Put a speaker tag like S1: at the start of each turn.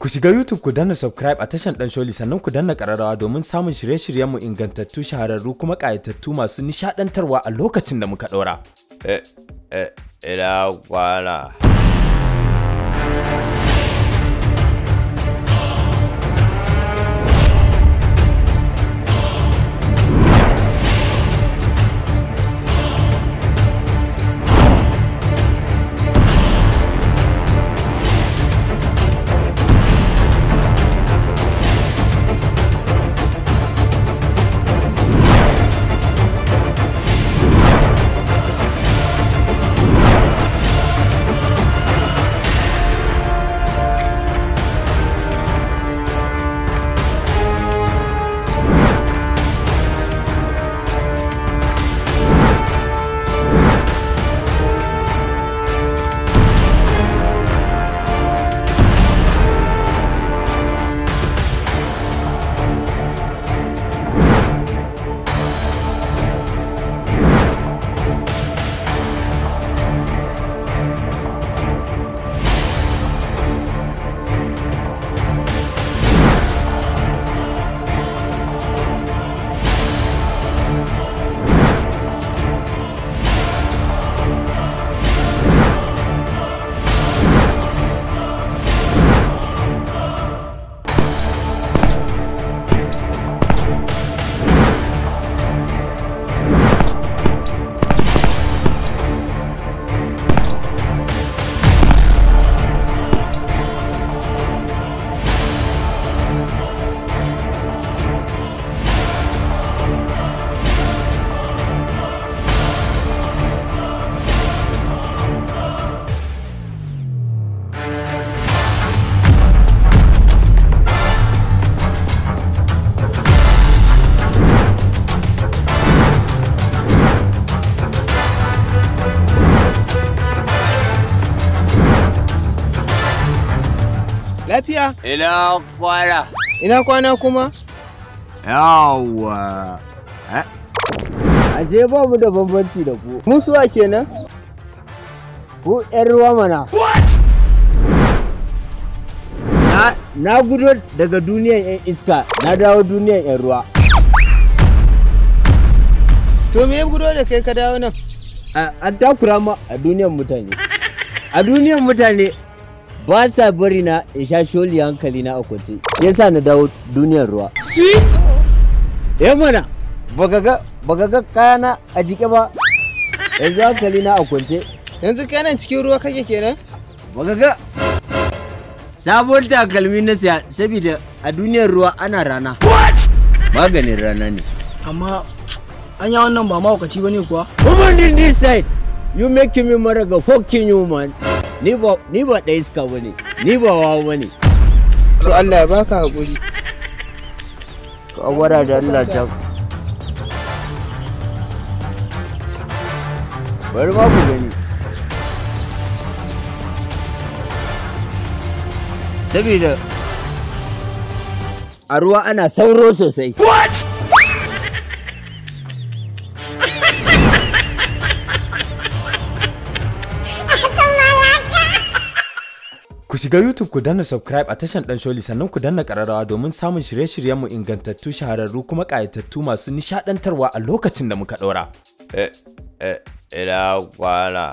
S1: Ku shiga YouTube ku danna subscribe a tashar Dan Sholi sannan ku danna ƙararrawa domin samun shirye-shiryenmu ingantattu shahararru kuma ƙayatattu masu nishaɗantarwa a lokacin da muka ɗora.
S2: Eh, eh, ina kwana. Lafiya? Ina kwana. Ina kwana kuma? Yawwa. Eh? Ashe ba mu da bambanci da ku. Musuwa kenan? Ku ƴar ruwa mana. Na gudu daga duniyar 'yan iska, na dawo duniyar 'yan ruwa. To me ya gudu da kai ka dawo nan? An takura ma a duniyar mutane. A duniyar mutane ba sa bari na in sha sholi hankali na a kwance yasa na dawo duniyar ruwa sweet ya eh mana bagaga bagaga kayana a jike ba yanzu hankali na a kwance yanzu kanan cikin ruwa kake kenan bagaga sabon takalmi na siya saboda a duniyar ruwa ana rana maganin rana ne amma an ya wannan ba wakaci ba ne kuwa woman in this side you make me mara ga fucking human ni ba ɗaya suka wani ni ba wawa wani to Allah ya baka haƙuri ka wara da Allah ta bari ma ku gani saboda a ruwa ana sauro sosai what
S1: Ku shiga YouTube ku danna subscribe a tashan Dan Sholi sannan ku danna ƙararrawa domin samun shirye-shiryenmu ingantattu shahararru kuma ƙayatattu masu nishaɗantarwa a lokacin da muka ɗora.
S2: Eh, eh, ina kwana.